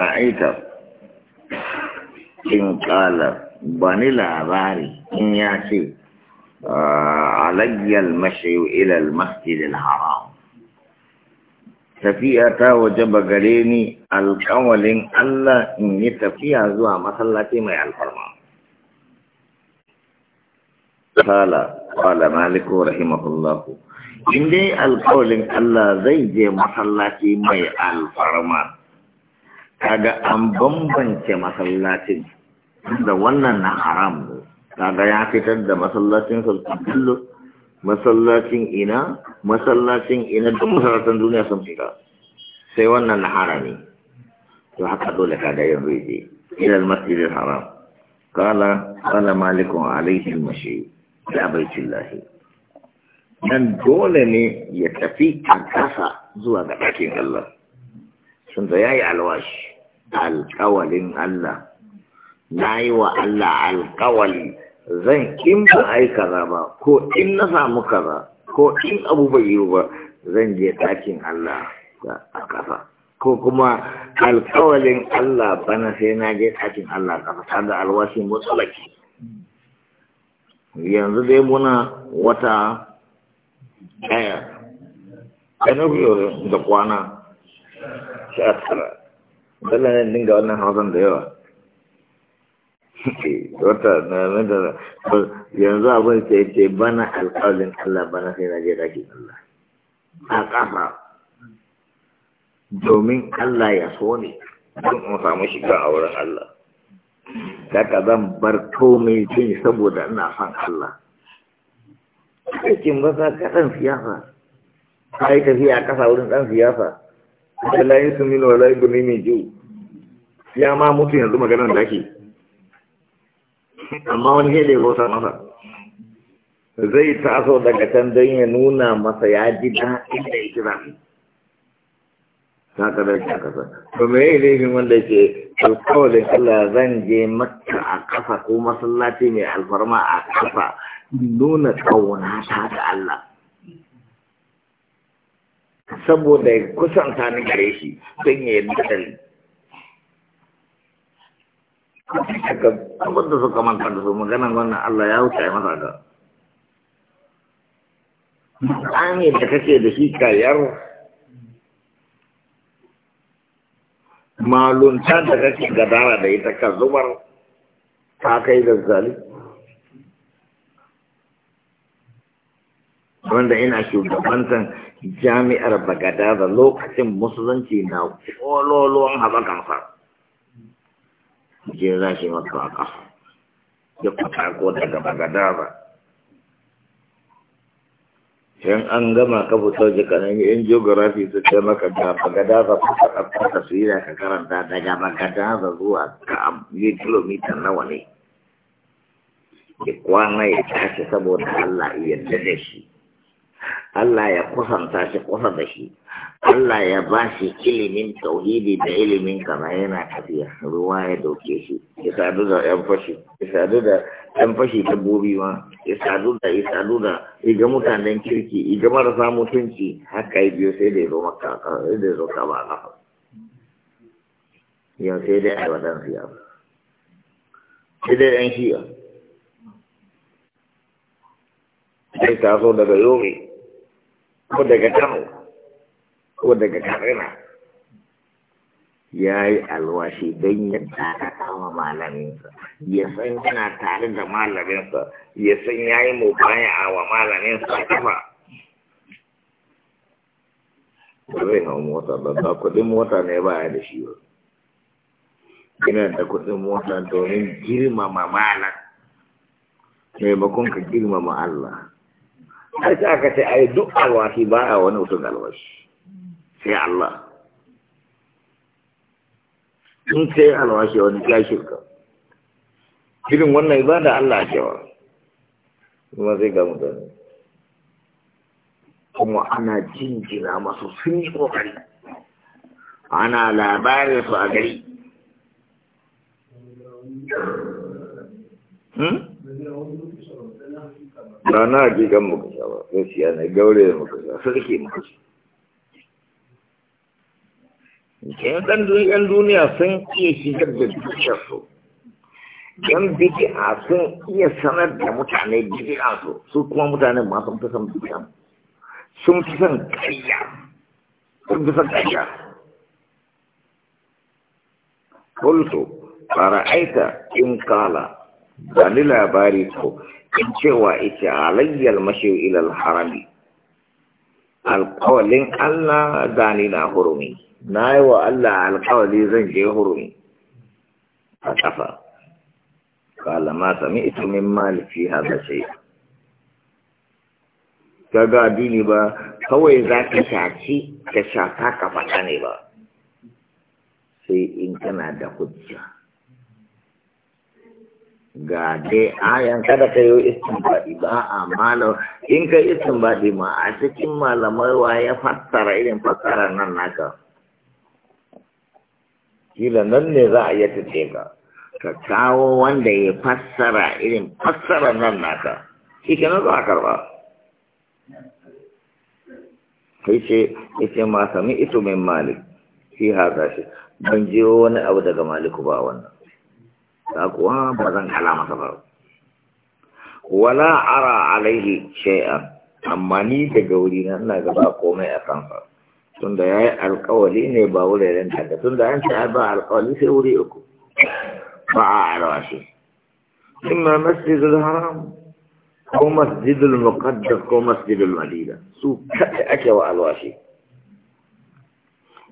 ara'aita in qala bani labari in ya ce alayyal mashi ila al-masjid al-haram tafiya ta waje gare ni alkawalin Allah in yi tafiya zuwa masallaci mai alfarma قال قال مالك رحمه الله إن دي القول الله زي جي مصلاتي kaga an bambance masallacin da wannan na haram ne kaga ya fitar da masallacin sulkullu masallacin ina masallacin ina duk masallacin duniya sun fita sai wannan na harami to haka dole kaga yanzu yaje ila al-masjid al-haram qala qala malikun alayhi mashi mashi da llahi dan dole ne ya tafi a kasa zuwa ga dakin Allah sun da ya yi alwashi alkawalin Allah na yi wa Allah alkawali zan in ba a yi kaza ba ko in na samu kaza ko in abu bai yi ba zan je ɗakin Allah a ƙasa ko kuma alkawalin Allah bana sai na je ɗakin Allah a ƙasa da alwashi mutsalaki yanzu dai muna wata ɗaya ɗaya da kwana sha tara dole ne dinga wannan hausan da yawa wata na da yanzu abin ce ce bana alƙalin Allah bana sai na je Allah a domin Allah ya so ne in samu shiga a wurin Allah daga zan bar komai jin saboda ina son Allah aikin ba za siyasa ka yi tafiya a ƙasa wurin ɗan siyasa da layi sun nuna wala gumi mai jiwu ya ma mutu yanzu magana da ake amma wani hele rosa masa zai taso daga can don ya nuna masa ya ji daɗin da ya kira ta kada ta kasa to me yayi laifin wanda yake alƙawarin Allah zan je makka a kafa ko masallaci mai alfarma a kafa nuna ƙauna ta da Allah saboda kusan sani gare shi don ya yi nadari abin da suka manta da su maganan wannan Allah ya wuce ya masa ga tsani da kake da shi kayar malunta da kake gadara da ita ka zubar ta kai da zali wanda ina shugabantan jami'ar bagada da lokacin musulunci na kololuwan haɓakansa je za shi masu a ƙasa ya ko daga bagada ba yan an gama ka fito jikanin yan geografi su ce maka ga bagada ba kusa ɗaukaka su yi da ka karanta daga bagada ba zuwa ka yi kilomita nawa ne ya kwana ya tashi saboda Allah iya da shi Allah ya kusanta shi kusa da shi Allah ya ba shi ilimin tauhidi da ilimin kama yana tafiya ruwa ya dauke shi ya sadu da yan fashi ya sadu da yan fashi ta gobi ma ya sadu da ya sadu da iga mutanen kirki iga marasa mutunci haka ya biyo sai da ya zo sai da ya zo kama a kafa yau sai dai a yi wadan siya sai dai yan shi'a sai taso daga yori. ko daga kano ko daga karina ya yi alwashi don ya dakata wa malaminsa ya san yana tare da malaminsa ya san ya yi mubaya wa malaminsa a zai hau mota ba ba kudin mota ne ba ya da shi ba Ina da kudin mota domin girmama malam maimakon ka girmama Allah har sai aka ce ai duk alwashi ba a wani mutum alwashi sai Allah in kai alwashi wani ya shirka irin wannan ibada Allah cewa kuma zai ga mutane kuma ana jinjina masu sun yi kokari ana labarin su a gari hmm? ba na hakikan muka sha ba siya na gaure da muka sha sarki muka sha yan dan yan duniya sun iya shigar da dukiyar su yan bid'a sun iya sanar da mutane bid'a su su kuma mutane ma sun fi san bid'a sun fi san ƙarya sun fi san ƙarya قلت فرأيت إن قال بني ko in cewa ita alayyar mashiyu ilal harami alkawalin Allah zane na hurumi na yi wa Allah alkawali zan je hurumi a kafa kala ma sami ita min malifi da sai ga gadi ne ba kawai za ka shaci ka shafa ta ne ba sai in kana da hujja ga dai ayan kada ka yi baɗi ba a malam in ka baɗi ma a cikin malamai wa ya fassara irin fassara nan naka kila nan ne za a yi tace ka ka kawo wanda ya fassara irin fassara nan naka shi ke nan za a karba kai ce ya ce ma sami ito mai malik shi haka shi ban jiyo wani abu daga maliku ba wannan أقوى بذن علامة فرو ولا أرى عليه شيئا أما ني تقولين أنا قبا قومي أكامفر tunda ya yi alkawali ne ba wuraren haka tunda an ce ba alkawali sai wuri uku ba a alwashi imma masjidul haram ko masjidul muqaddas ko masjidul madina su kada ake wa alwashi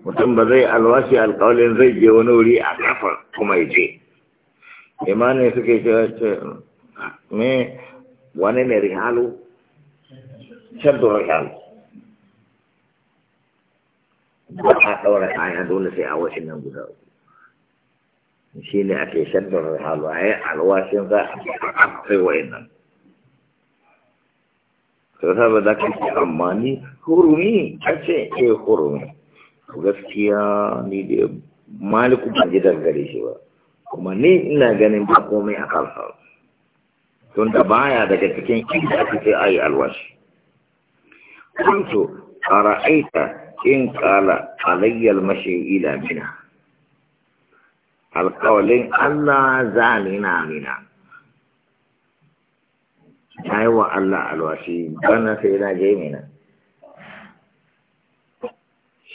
mutum ba zai alwashi alkawalin zai je wani wuri a kafa kuma ya ce imani suke cewa ce me wani ne rihalu shaddu rihalu ba a ɗaura kayan dole sai a wasu nan guda uku shi ne ake shaddu rihalu a yi alwashin za a kai wa'in nan sau saboda kake amma ni hurumi a ce eh hurumi gaskiya ni da maliku ba gidan gare shi ba kuma ni ina ganin ba komai a kansa tun baya daga cikin inda ake ce a yi alwashi kuntu a ra'aita in kala alayyal mashi ila mina alkawalin allah zalina mina na yi wa allah alwashi bana sai na je mina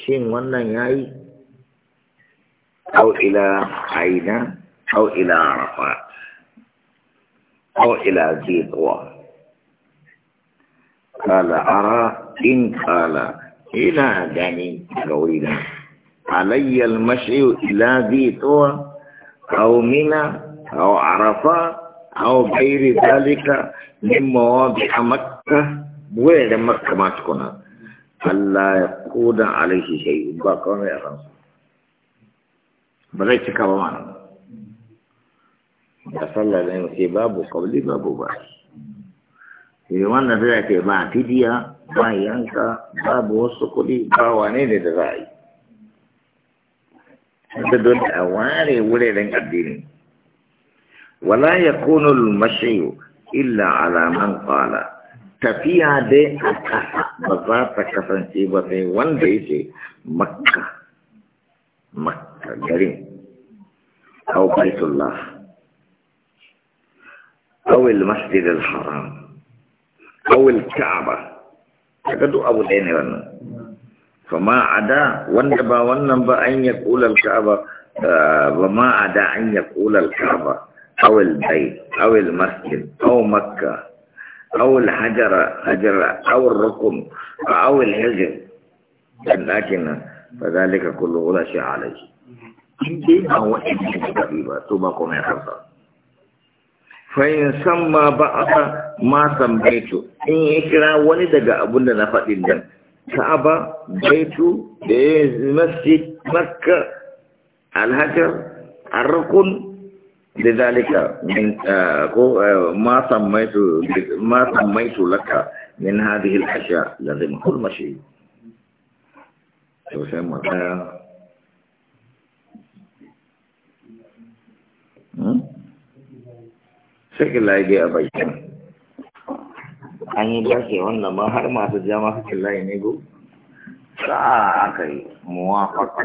shin wannan ya yi ila aina أو إلى عرفات أو إلى ذي ضوى قال أرى إن قال إلى دني قويلا علي المشي إلى ذي طوى أو منى أو عرفات أو غير ذلك من مواضع مكة وين مكة ما تكون ألا يقود عليه شيء بقى ما يرى بغيت كمان da sallar ne ke babu kauli babu ba yi wannan zai ke ba fidiya ba yanka babu wasu kuɗi ba wane ne da za a yi da dole a ware wuraren addini wala ya kunul lumashiyu illa alaman kwala tafiya dai a kasa ba za ta kasance ba sai wanda ya ce makka makka garin au baitullah أو المسجد الحرام أو الكعبة أكدو أبو ديني وانا فما عدا ونبا ونبا أن يقول الكعبة آه، وما عدا أن يقول الكعبة أو البيت أو المسجد أو مكة أو الحجر حجر أو الركن أو الحجر لكن فذلك كله لا شيء عليه. Ini bahawa ini juga tiba, tu bahawa kau yang fayin san ma ba aka ma san baitu in ya kira wani daga abun da na faɗin nan ka'aba baitu da ya masjid makka alhajar arrukun da zalika ko ma san baitu laka min hadi al da zai kul mashi to sai Hmm? sikila ya a bakin an yi dake wannan ma har masu jama sikila ne go sa'a aka yi muwafaka